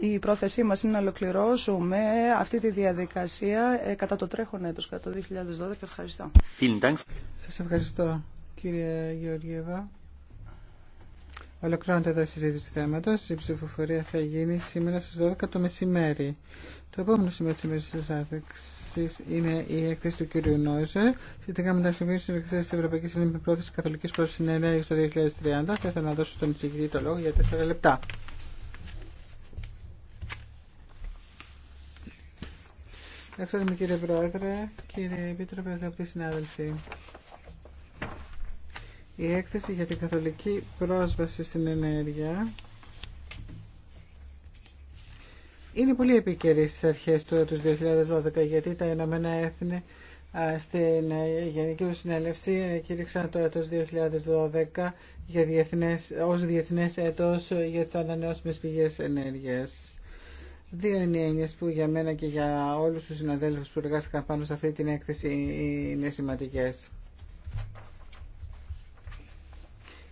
Η πρόθεσή μας είναι να ολοκληρώσουμε αυτή τη διαδικασία ε, κατά το τρέχον έτος, κατά το 2012. Ευχαριστώ. Σας ευχαριστώ κύριε Γεωργίευα. Ολοκληρώνεται εδώ η συζήτηση του θέματος. Η ψηφοφορία θα γίνει σήμερα στι 12 το μεσημέρι. Το επόμενο σημείο τη ημέρας της άθεξης είναι η έκθεση του κύριου Νόιζερ. Σχετικά με τα συμβούλια τη Ευρωπαϊκή της Ευρωπαϊκής Ελληνικής Πρόθεσης Καθολικής το 2030, θα ήθελα να δώσω στον εισηγητή το λόγο για 4 λεπτά. Ευχαριστούμε κύριε Πρόεδρε, κύριε Επίτροπε, αγαπητοί συνάδελφοι. Η έκθεση για την καθολική πρόσβαση στην ενέργεια είναι πολύ επίκαιρη στις αρχές του έτους 2012 γιατί τα Ηνωμένα Έθνη στην ε, Γενική Συνέλευση ε, κήρυξαν το έτος 2012 για διεθνές, ως διεθνές έτος για τις ανανεώσιμες πηγές ενέργειας. Δύο είναι που για μένα και για όλους τους συναδέλφους που εργάστηκαν πάνω σε αυτή την έκθεση είναι σημαντικές.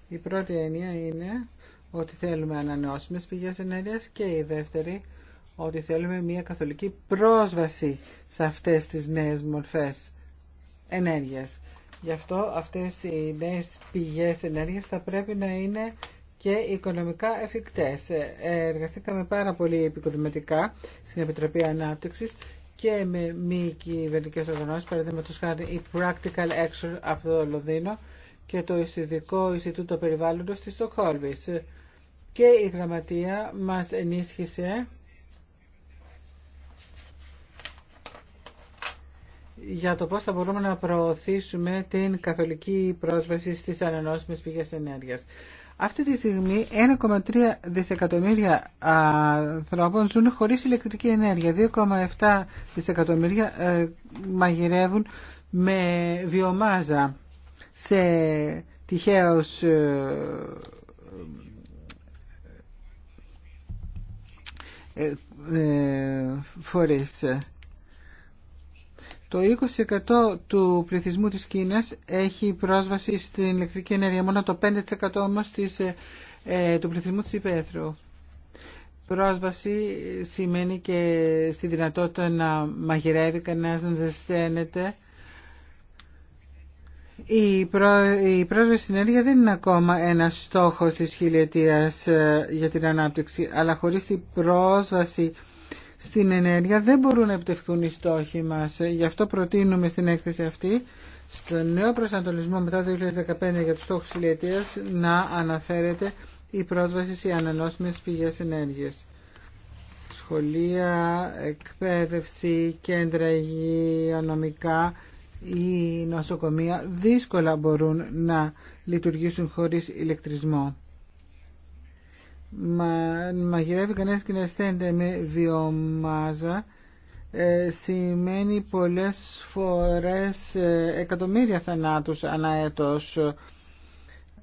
Η πρώτη έννοια είναι ότι θέλουμε ανανεώσιμες πηγές ενέργειας και η δεύτερη ότι θέλουμε μια καθολική πρόσβαση σε αυτές τις νέες μορφές ενέργειας. Γι' αυτό αυτές οι νέες πηγές ενέργειας θα πρέπει να είναι και οικονομικά εφικτές. Ε, εργαστήκαμε πάρα πολύ επικοδηματικά στην Επιτροπή Ανάπτυξης και με μη κυβερνικέ οργανώσει, παραδείγματο χάρη η Practical Action από το Λονδίνο και το Ιστιδικό Ινστιτούτο Περιβάλλοντο τη Και η Γραμματεία μας ενίσχυσε για το πώς θα μπορούμε να προωθήσουμε την καθολική πρόσβαση στις ανανεώσιμες πηγές ενέργειας. Αυτή τη στιγμή 1,3 δισεκατομμύρια ανθρώπων ζουν χωρίς ηλεκτρική ενέργεια. 2,7 δισεκατομμύρια ε, μαγειρεύουν με βιομάζα σε τυχαίως ε, ε, φορείς. Το 20% του πληθυσμού της Κίνας έχει πρόσβαση στην ηλεκτρική ενέργεια, μόνο το 5% όμως της, ε, ε, του πληθυσμού της υπαίθρου. Πρόσβαση σημαίνει και στη δυνατότητα να μαγειρεύει κανένας, να ζεσταίνεται. Η, πρό... η πρόσβαση στην ενέργεια δεν είναι ακόμα ένα στόχος της χιλιετίας ε, για την ανάπτυξη, αλλά χωρίς την πρόσβαση στην ενέργεια δεν μπορούν να επιτευχθούν οι στόχοι μας. Γι' αυτό προτείνουμε στην έκθεση αυτή στο νέο προσανατολισμό μετά το 2015 για τους στόχους ηλιετίας να αναφέρεται η πρόσβαση σε ανανόσιμες πηγές ενέργειας. Σχολεία, εκπαίδευση, κέντρα υγειονομικά ή νοσοκομεία δύσκολα μπορούν να λειτουργήσουν χωρίς ηλεκτρισμό. Μα, μαγειρεύει κανένας και να στέλνεται με βιομάζα ε, σημαίνει πολλές φορές ε, εκατομμύρια θανάτους ανά έτος.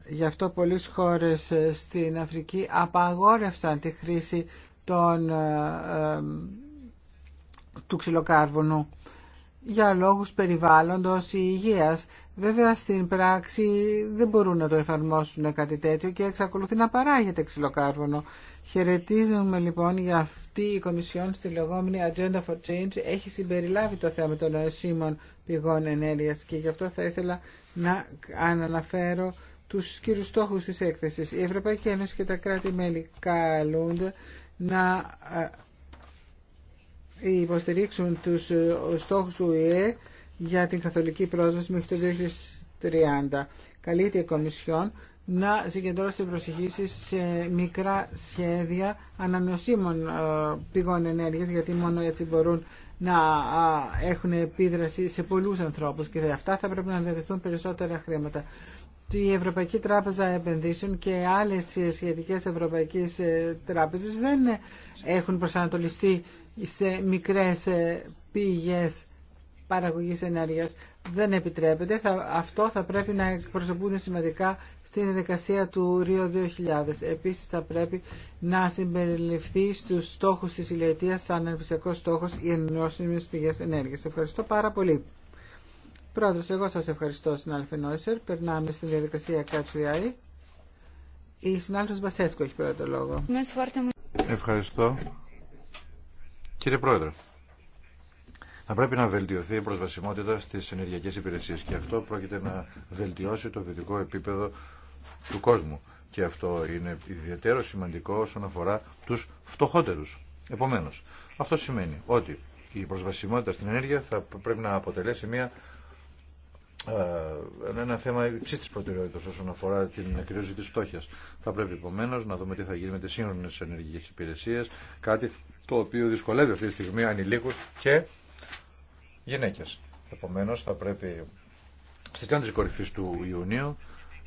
Γι' αυτό πολλές χώρες ε, στην Αφρική απαγόρευσαν τη χρήση των, του ξυλοκάρβουνου για λόγους περιβάλλοντος ή υγείας. Βέβαια στην πράξη δεν μπορούν να το εφαρμόσουν κάτι τέτοιο και εξακολουθεί να παράγεται ξυλοκάρβονο. Χαιρετίζουμε λοιπόν για αυτή η Κομισιόν στη λεγόμενη Agenda for Change έχει συμπεριλάβει το θέμα των ασήμων πηγών ενέργειας και γι' αυτό θα ήθελα να αναφέρω τους κύριους στόχους της έκθεσης. Η Ευρωπαϊκή Ένωση και τα κράτη-μέλη καλούνται να ε, υποστηρίξουν τους ε, στόχους του ΟΗΕ για την καθολική πρόσβαση μέχρι το 2030. Καλείται η Κομισιόν να συγκεντρώσει την σε μικρά σχέδια ανανεωσίμων ε, πηγών ενέργειας, γιατί μόνο έτσι μπορούν να έχουν επίδραση σε πολλούς ανθρώπους και αυτά θα πρέπει να διαδεθούν περισσότερα χρήματα. Η Ευρωπαϊκή Τράπεζα Επενδύσεων και άλλες σχετικές ευρωπαϊκές ε, τράπεζες δεν έχουν προσανατολιστεί σε μικρές ε, πήγες παραγωγής ενέργειας δεν επιτρέπεται. αυτό θα πρέπει να εκπροσωπούνται σημαντικά στη διαδικασία του Ρίο 2000. Επίσης θα πρέπει να συμπεριληφθεί στους στόχους της ηλιατίας σαν ενεργησιακό στόχος οι ενώσιμες πηγές ενέργειας. Ευχαριστώ πάρα πολύ. Πρόεδρος, εγώ σας ευχαριστώ συνάδελφε Νόισερ. Περνάμε στη διαδικασία ΚΑΤΣΙΑΗ. Η συνάδελφος Βασέσκο έχει πρώτο λόγο. Ευχαριστώ. Κύριε Πρόεδρε, θα πρέπει να βελτιωθεί η προσβασιμότητα στις ενεργειακές υπηρεσίες και αυτό πρόκειται να βελτιώσει το βιωτικό επίπεδο του κόσμου. Και αυτό είναι ιδιαίτερο σημαντικό όσον αφορά τους φτωχότερους. Επομένως, αυτό σημαίνει ότι η προσβασιμότητα στην ενέργεια θα πρέπει να αποτελέσει μια ε, ένα θέμα υψή τη προτεραιότητα όσον αφορά την ακριβή τη φτώχεια. Θα πρέπει επομένω να δούμε τι θα γίνει με τι σύγχρονε ενεργειακέ υπηρεσίε, κάτι το οποίο δυσκολεύει αυτή τη στιγμή ανηλίκου και γυναίκε. Επομένω, θα πρέπει στι τέντε κορυφή του Ιουνίου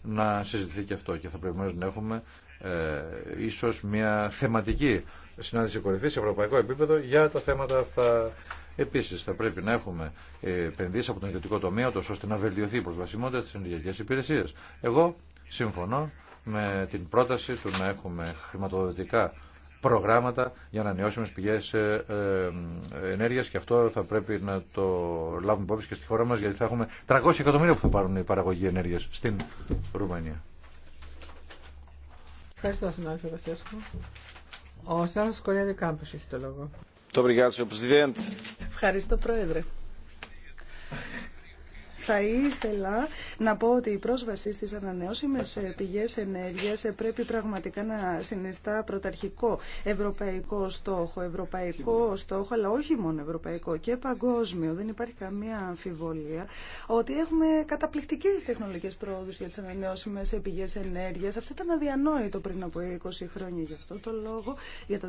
να συζητηθεί και αυτό και θα πρέπει να έχουμε ε, ίσως μια θεματική συνάντηση κορυφής σε ευρωπαϊκό επίπεδο για τα θέματα αυτά. Επίση, θα πρέπει να έχουμε επενδύσει από τον ιδιωτικό τομέα, ώστε να βελτιωθεί η προσβασιμότητα τη ενεργειακή υπηρεσία. Εγώ συμφωνώ με την πρόταση του να έχουμε χρηματοδοτικά προγράμματα για να ανανεώσιμες πηγές ε, ε, ενέργεια και αυτό θα πρέπει να το λάβουμε υπόψη και στη χώρα μα γιατί θα έχουμε 300 εκατομμύρια που θα πάρουν η παραγωγή ενέργεια στην Ρουμανία. Ευχαριστώ, συνάδελφε Ο Κορέα Κάμπο έχει το λόγο. Ευχαριστώ, Πρόεδρε. Θα ήθελα να πω ότι η πρόσβαση στις ανανεώσιμες ε, πηγές ενέργειας ε, πρέπει πραγματικά να συνιστά πρωταρχικό ευρωπαϊκό στόχο, ευρωπαϊκό στόχο, αλλά όχι μόνο ευρωπαϊκό και παγκόσμιο. Δεν υπάρχει καμία αμφιβολία ότι έχουμε καταπληκτικές τεχνολογικέ πρόοδου για τις ανανεώσιμες ε, πηγές ενέργειας. Αυτό ήταν αδιανόητο πριν από 20 χρόνια. Γι' αυτό το λόγο για το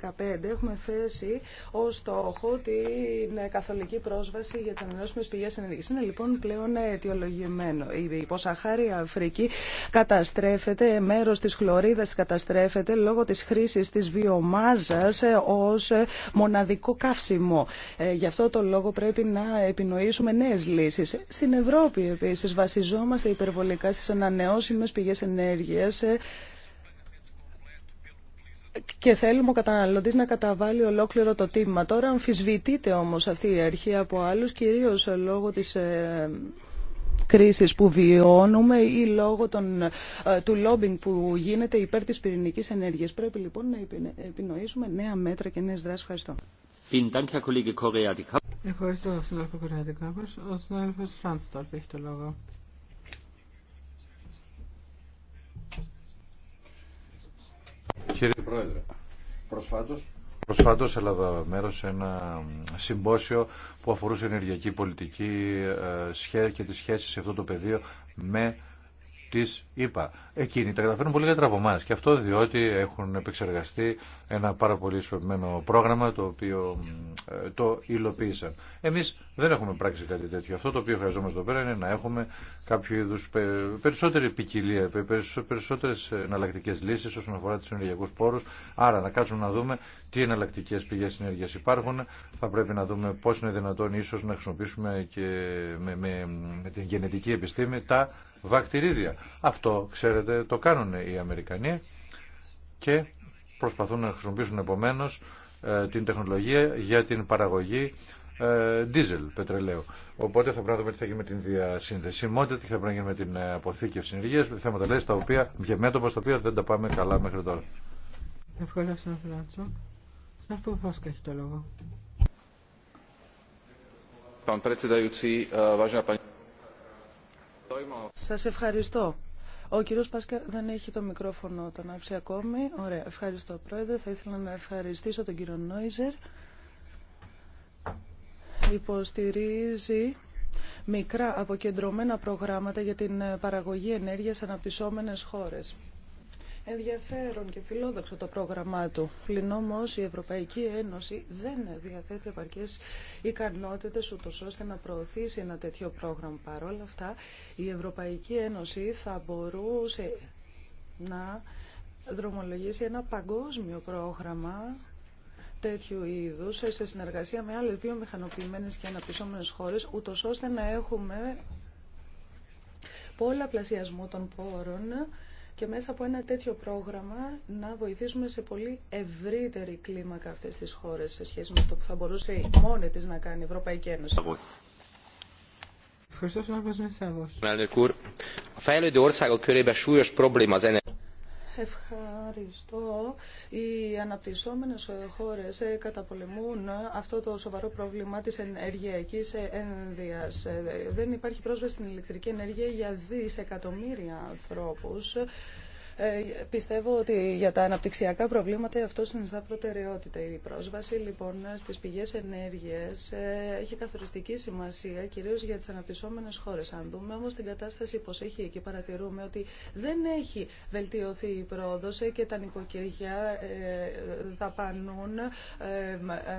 2015 έχουμε θέσει ως στόχο την καθολική πρόσβαση για τι ανανεώσιμε πηγές ενέργεια. Είναι λοιπόν πλέον αιτιολογημένο. Η υποσαχάρια Αφρική καταστρέφεται, μέρος της χλωρίδας καταστρέφεται λόγω της χρήσης της βιομάζας ως μοναδικό καύσιμο. Ε, γι' αυτό το λόγο πρέπει να επινοήσουμε νέες λύσεις. Στην Ευρώπη επίσης βασιζόμαστε υπερβολικά στις ανανεώσιμες πηγές ενέργειας ε, και θέλουμε ο καταναλωτή να καταβάλει ολόκληρο το τίμημα. Τώρα αμφισβητείται όμω αυτή η αρχή από άλλου, κυρίω λόγω της ε, κρίσης που βιώνουμε ή λόγω των, ε, του λόμπινγκ που γίνεται υπέρ της πυρηνικής ενέργειας. Πρέπει λοιπόν να επινοήσουμε νέα μέτρα και νέες δράσεις. Ευχαριστώ. Ευχαριστώ, συνάδελφο Ο συνάδελφος έχει το λόγο. Κύριε Πρόεδρε, προσφάτως... Προσφάτως έλαβα μέρος σε ένα συμπόσιο που αφορούσε ενεργειακή πολιτική ε, και τις σχέσεις σε αυτό το πεδίο με τη ΕΠΑ. Εκείνοι τα καταφέρνουν πολύ καλύτερα από εμά. Και αυτό διότι έχουν επεξεργαστεί ένα πάρα πολύ ισορροπημένο πρόγραμμα το οποίο ε, το υλοποίησαν. Εμεί δεν έχουμε πράξει κάτι τέτοιο. Αυτό το οποίο χρειαζόμαστε εδώ πέρα είναι να έχουμε κάποιο είδου περισσότερη ποικιλία, περισσότερε εναλλακτικέ λύσει όσον αφορά του ενεργειακού πόρου. Άρα να κάτσουμε να δούμε τι εναλλακτικέ πηγέ συνέργεια υπάρχουν. Θα πρέπει να δούμε πώ είναι δυνατόν ίσω να χρησιμοποιήσουμε και με, με, με την γενετική επιστήμη τα βακτηρίδια. Αυτό, ξέρετε, το κάνουν οι Αμερικανοί και προσπαθούν να χρησιμοποιήσουν επομένως ε, την τεχνολογία για την παραγωγή δίζελ πετρελαίου. Οπότε θα πρέπει να δούμε τι θα γίνει με την διασυνδεσιμότητα, τι θα πρέπει να γίνει με την ε, αποθήκευση ενεργεία, θέματα λέει, τα οποία, για μέτωπα στα οποία δεν τα πάμε καλά μέχρι τώρα. Ευχαριστώ, έχει το λόγο. Σας ευχαριστώ. Ο κύριος Πάσκα δεν έχει το μικρόφωνο τον άψει ακόμη. Ωραία, ευχαριστώ πρόεδρε. Θα ήθελα να ευχαριστήσω τον κύριο Νόιζερ. Υποστηρίζει μικρά αποκεντρωμένα προγράμματα για την παραγωγή ενέργειας σε αναπτυσσόμενες χώρες ενδιαφέρον και φιλόδοξο το πρόγραμμά του. Πλην όμω η Ευρωπαϊκή Ένωση δεν διαθέτει επαρκέ ικανότητε ούτω ώστε να προωθήσει ένα τέτοιο πρόγραμμα. Παρ' όλα αυτά, η Ευρωπαϊκή Ένωση θα μπορούσε να δρομολογήσει ένα παγκόσμιο πρόγραμμα τέτοιου είδου σε συνεργασία με άλλε βιομηχανοποιημένε και αναπτυσσόμενε χώρε, ούτω ώστε να έχουμε πολλαπλασιασμό των πόρων και μέσα από ένα τέτοιο πρόγραμμα να βοηθήσουμε σε πολύ ευρύτερη κλίμακα αυτές τις χώρες σε σχέση με το που θα μπορούσε μόνη της να κάνει η Ευρωπαϊκή Ένωση. Ευχαριστώ, Ευχαριστώ. Οι αναπτυσσόμενες χώρες ε, καταπολεμούν αυτό το σοβαρό πρόβλημα της ενεργειακής ένδιας ε, Δεν υπάρχει πρόσβαση στην ηλεκτρική ενέργεια για δισεκατομμύρια ανθρώπους. Ε, πιστεύω ότι για τα αναπτυξιακά προβλήματα αυτό συνιστά προτεραιότητα. Η πρόσβαση λοιπόν στις πηγές ενέργειας ε, έχει καθοριστική σημασία κυρίω για τι αναπτυσσόμενε χώρε. Αν δούμε όμω την κατάσταση που έχει εκεί παρατηρούμε ότι δεν έχει βελτιωθεί η πρόοδος ε, και τα νοικοκυριά δαπανούν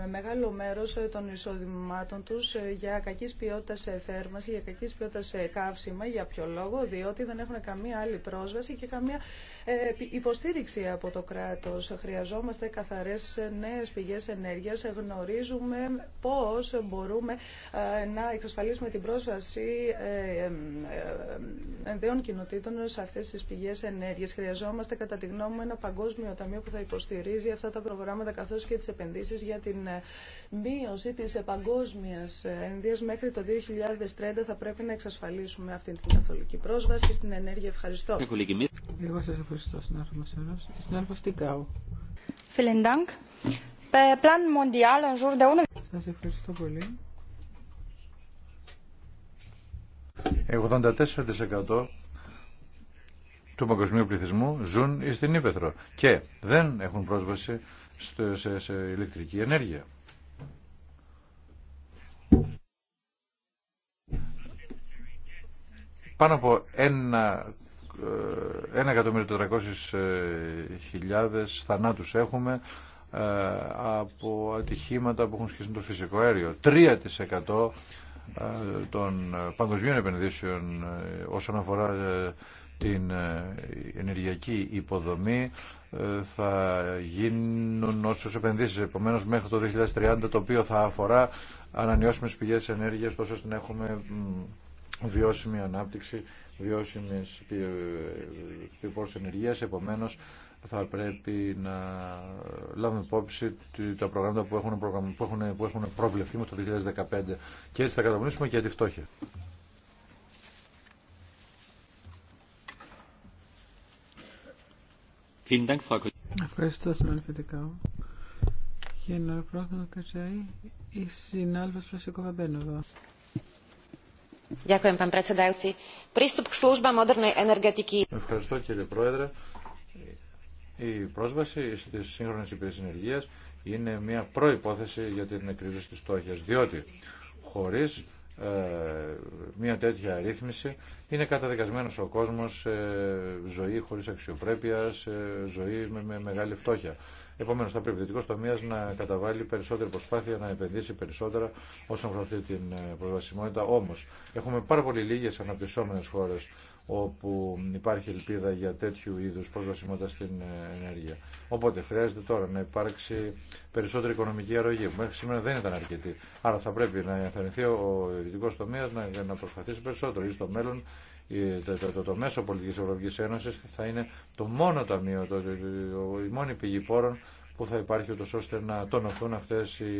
μεγάλο μέρο των εισοδημάτων τους για κακή ποιότητα σε θέρμανση, για κακή ποιότητα σε καύσιμα. Για ποιο λόγο, διότι δεν έχουν καμία άλλη πρόσβαση και καμία ε, υποστήριξη από το κράτος. Χρειαζόμαστε καθαρές νέες πηγές ενέργειας. Γνωρίζουμε πώς μπορούμε ε, να εξασφαλίσουμε την πρόσβαση ε, ενδέων κοινοτήτων σε αυτές τις πηγές ενέργειας. Χρειαζόμαστε κατά τη γνώμη μου ένα παγκόσμιο ταμείο που θα υποστηρίζει αυτά τα προγράμματα καθώς και τις επενδύσεις για την μείωση της παγκόσμιας ενδίας μέχρι το 2030 θα πρέπει να εξασφαλίσουμε αυτή την καθολική πρόσβαση στην ενέργεια. Ευχαριστώ. Εγώ σας ευχαριστώ, συνάδελφο Μασερός. Συνάδελφος Τικάου. Σας ευχαριστώ πολύ. 84% του παγκοσμίου πληθυσμού ζουν στην Ήπεθρο και δεν έχουν πρόσβαση σε, σε ηλεκτρική ενέργεια. Πάνω από ένα 1.400.000 ε, ε, θανάτους έχουμε ε, από ατυχήματα που έχουν σχέση με το φυσικό αέριο. 3% των παγκοσμίων επενδύσεων όσον αφορά την ενεργειακή υποδομή θα γίνουν όσες επενδύσεις επομένως μέχρι το 2030 το οποίο θα αφορά ανανεώσιμες πηγές ενέργειας τόσο ώστε να έχουμε βιώσιμη ανάπτυξη, βιώσιμης πόρους ενεργείας, επομένως θα πρέπει να λάβουμε υπόψη τα προγράμματα που έχουν, που έχουν, που έχουν προβλεφθεί με το 2015 και έτσι θα καταπονήσουμε και τη φτώχεια. Ευχαριστώ, Και Τικάου. Για να πρόγραμμα κατσάει η συνάδελφος Φρασικό Βαμπένοδο. Ευχαριστώ κύριε Πρόεδρε. Η πρόσβαση στις σύγχρονες υπηρεσίες ενεργείας είναι μια προπόθεση για την εκκρίζωση τη φτώχεια. Διότι χωρί ε, μια τέτοια αρρύθμιση είναι καταδικασμένος ο κόσμος ζωή χωρίς αξιοπρέπεια, ζωή με, μεγάλη φτώχεια. Επομένως θα πρέπει ο τομέα να καταβάλει περισσότερη προσπάθεια, να επενδύσει περισσότερα όσον αφορά αυτή την ε, προσβασιμότητα. Όμως έχουμε πάρα πολύ λίγες αναπτυσσόμενες χώρες όπου υπάρχει ελπίδα για τέτοιου είδους προσβασιμότητα στην ε, ενέργεια. Οπότε χρειάζεται τώρα να υπάρξει περισσότερη οικονομική αρρωγή, που μέχρι σήμερα δεν ήταν αρκετή. Άρα θα πρέπει να ενθαρρυνθεί ο ιδιωτικός τομέας να, να προσπαθήσει περισσότερο ή στο μέλλον το, το, το, το μέσο πολιτικής ευρωπαικη Ένωσης θα είναι το μόνο ταμείο, το, η μόνη πηγή πόρων που θα υπάρχει ούτως ώστε να τονωθούν αυτές οι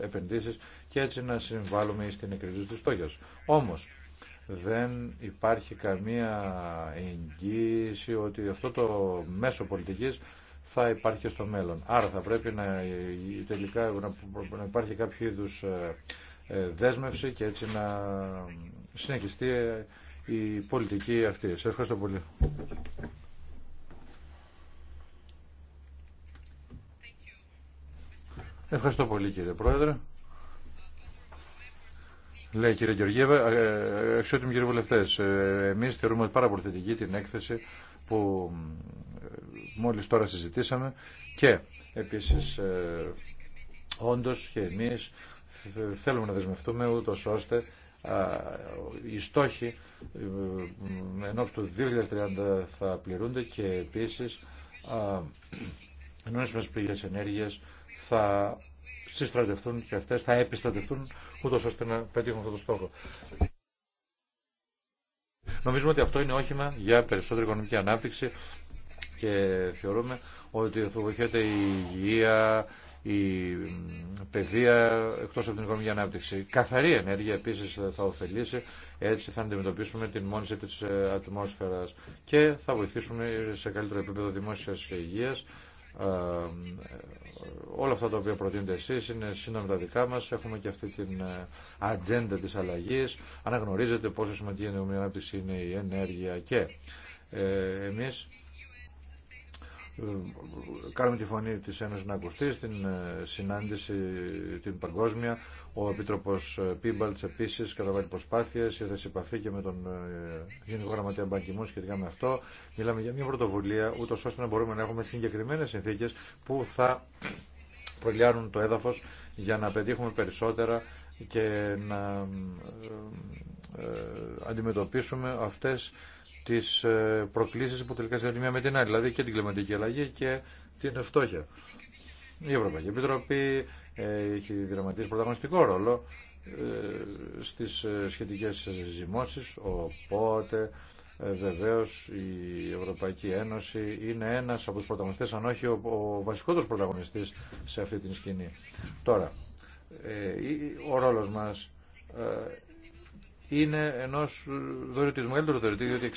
ε, επενδύσεις και έτσι να συμβάλλουμε στην εκκριση της φτώχειας. Όμως, δεν υπάρχει καμία εγγύηση ότι αυτό το μέσο πολιτικής θα υπάρχει στο μέλλον. Άρα θα πρέπει να, τελικά, να υπάρχει κάποιο είδους ε, ε, δέσμευση και έτσι να συνεχιστεί ε, η πολιτική αυτή. Σε ευχαριστώ πολύ. Ευχαριστώ πολύ κύριε Πρόεδρε. Λέει κύριε Γεωργίευα, εξιότιμοι ε, κύριοι βουλευτέ, ε, εμεί θεωρούμε πάρα πολύ θετική την έκθεση που ε, μόλι τώρα συζητήσαμε και επίση όντω και εμεί θέλουμε να δεσμευτούμε ούτω ώστε οι στόχοι ενώ του 2030 θα πληρούνται και επίσης ενώ μας πηγές ενέργειας θα συστρατευτούν και αυτές θα επιστρατευτούν ούτως ώστε να πετύχουν αυτό το στόχο. Νομίζουμε ότι αυτό είναι όχημα για περισσότερη οικονομική ανάπτυξη και θεωρούμε ότι βοηθάται η υγεία, η παιδεία εκτός από την οικονομική ανάπτυξη. Καθαρή ενέργεια επίσης θα ωφελήσει, έτσι θα αντιμετωπίσουμε την μόνιση της ατμόσφαιρας και θα βοηθήσουμε σε καλύτερο επίπεδο δημόσιας υγείας ε, ε, όλα αυτά τα οποία προτείνετε εσείς είναι σύντομα τα δικά μας. Έχουμε και αυτή την ε, ατζέντα της αλλαγής. Αναγνωρίζετε πόσο σημαντική είναι η ομοιονάπτυξη, είναι η ενέργεια και εμείς κάνουμε τη φωνή της Ένωσης να ακουστεί στην ε, συνάντηση την παγκόσμια. Ο Επίτροπος ε, Πίμπαλτς επίσης καταβάλει προσπάθειες, ήρθε σε επαφή και με τον ε, Γενικό Γραμματέα Μπανκιμού σχετικά με αυτό. Μιλάμε για μια πρωτοβουλία, ούτω ώστε να μπορούμε να έχουμε συγκεκριμένες συνθήκες που θα προλιάνουν το έδαφος για να πετύχουμε περισσότερα και να αντιμετωπίσουμε αυτές τι ε, προκλήσει που τελικά συμβαίνουν μία με την άλλη, δηλαδή και την κλιματική αλλαγή και την φτώχεια. Η Ευρωπαϊκή Επιτροπή ε, έχει δραματίσει πρωταγωνιστικό ρόλο ε, στις σχετικές ζυμώσει. οπότε βεβαίω η Ευρωπαϊκή Ένωση είναι ένας από τους πρωταγωνιστές, αν όχι ο, ο βασικότερος πρωταγωνιστής σε αυτή την σκηνή. Τώρα, ο ρόλο μα είναι ενό δωρητή, μεγαλύτερο δωρητή, διότι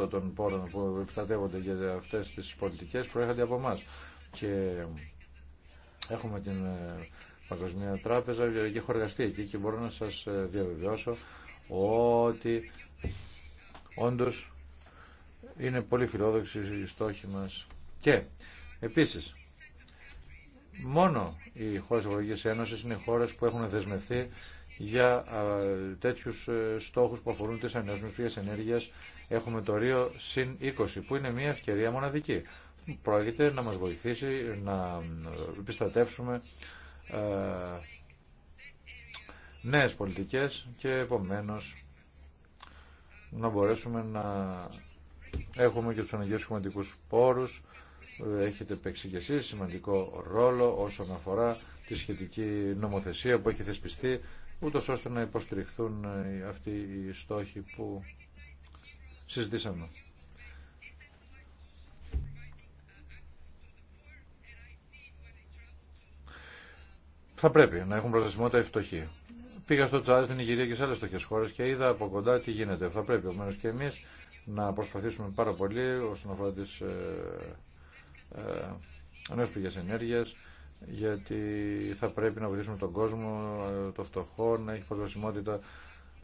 60% των πόρων που επιστατεύονται για αυτέ τι πολιτικέ προέρχονται από εμά. Και έχουμε την ε, Παγκοσμία Τράπεζα και έχω εργαστεί εκεί και μπορώ να σα ε, διαβεβαιώσω ότι όντω είναι πολύ φιλόδοξη η στόχη μα. Και επίση, μόνο οι χώρε τη Ευρωπαϊκή Ένωση είναι χώρε που έχουν δεσμευθεί για τέτοιου ε, στόχου που αφορούν τι ανεσμευτικέ ενέργειε, Έχουμε το Ρίο συν 20 που είναι μια ευκαιρία μοναδική. Πρόκειται να μα βοηθήσει να ε, επιστρατεύσουμε ε, νέε πολιτικέ και επομένω να μπορέσουμε να έχουμε και του αναγκαίους σχηματικού πόρου, Έχετε παίξει και εσείς σημαντικό ρόλο όσον αφορά τη σχετική νομοθεσία που έχει θεσπιστεί ούτως ώστε να υποστηριχθούν ε, αυτοί οι στόχοι που συζητήσαμε. Θα πρέπει να έχουν προστασιμότητα οι φτωχοί. Πήγα στο Τσάζ, στην Ιγυρία και σε άλλε φτωχές χώρε και είδα από κοντά τι γίνεται. Θα πρέπει ομένως και εμείς να προσπαθήσουμε πάρα πολύ όσον αφορά τι ε, ε, νέε ενέργεια, γιατί θα πρέπει να βοηθήσουμε τον κόσμο, το φτωχό, να έχει προσβασιμότητα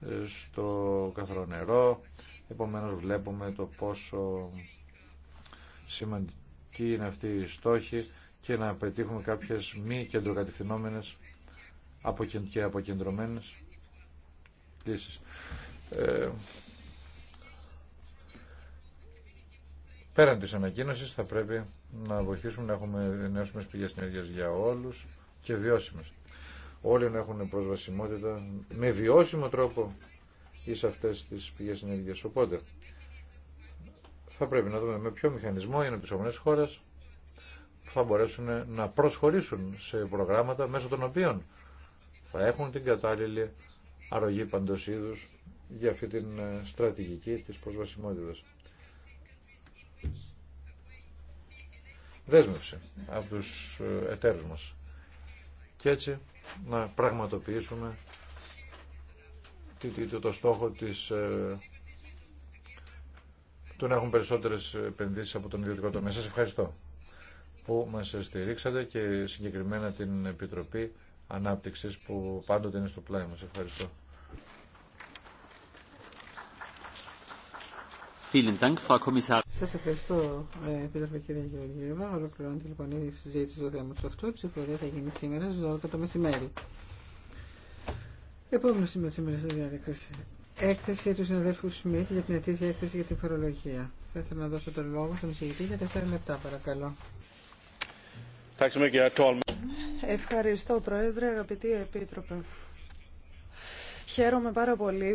ε, στο καθαρό νερό. Επομένως βλέπουμε το πόσο σημαντική είναι αυτή η στόχη και να πετύχουμε κάποιες μη κεντροκατευθυνόμενες και αποκεντρωμένες λύσεις. Ε, πέραν της ανακοίνωσης θα πρέπει να βοηθήσουμε να έχουμε νέες πηγές ενέργειας για όλους και βιώσιμες. Όλοι να έχουν προσβασιμότητα με βιώσιμο τρόπο εις αυτές τις πηγές ενέργειας. Οπότε θα πρέπει να δούμε με ποιο μηχανισμό οι αναπτυσσόμενες χώρες θα μπορέσουν να προσχωρήσουν σε προγράμματα μέσω των οποίων θα έχουν την κατάλληλη αρρωγή παντός για αυτή την στρατηγική της προσβασιμότητας δέσμευση από τους ε, εταίρους μας. Και έτσι να πραγματοποιήσουμε το στόχο της, ε, του να έχουν περισσότερες επενδύσεις από τον ιδιωτικό τομέα. Σας ευχαριστώ που μας στηρίξατε και συγκεκριμένα την Επιτροπή Ανάπτυξης που πάντοτε είναι στο πλάι μας. Ευχαριστώ. Σα ευχαριστώ, ε, Επίτροπε κύριε Γεωργίευα. Ολοκληρώνεται λοιπόν η συζήτηση του θέματο αυτού. Η ψηφορία θα γίνει σήμερα στι 12 το μεσημέρι. Επόμενο σήμερα σήμερα στη διάλεξη. Έκθεση του συναδέλφου Σμιτ για την ετήσια έκθεση για την φορολογία. Θα ήθελα να δώσω τον λόγο στον εισηγητή για 4 λεπτά, παρακαλώ. Ευχαριστώ, Πρόεδρε, αγαπητή Επίτροπε. Χαίρομαι πάρα πολύ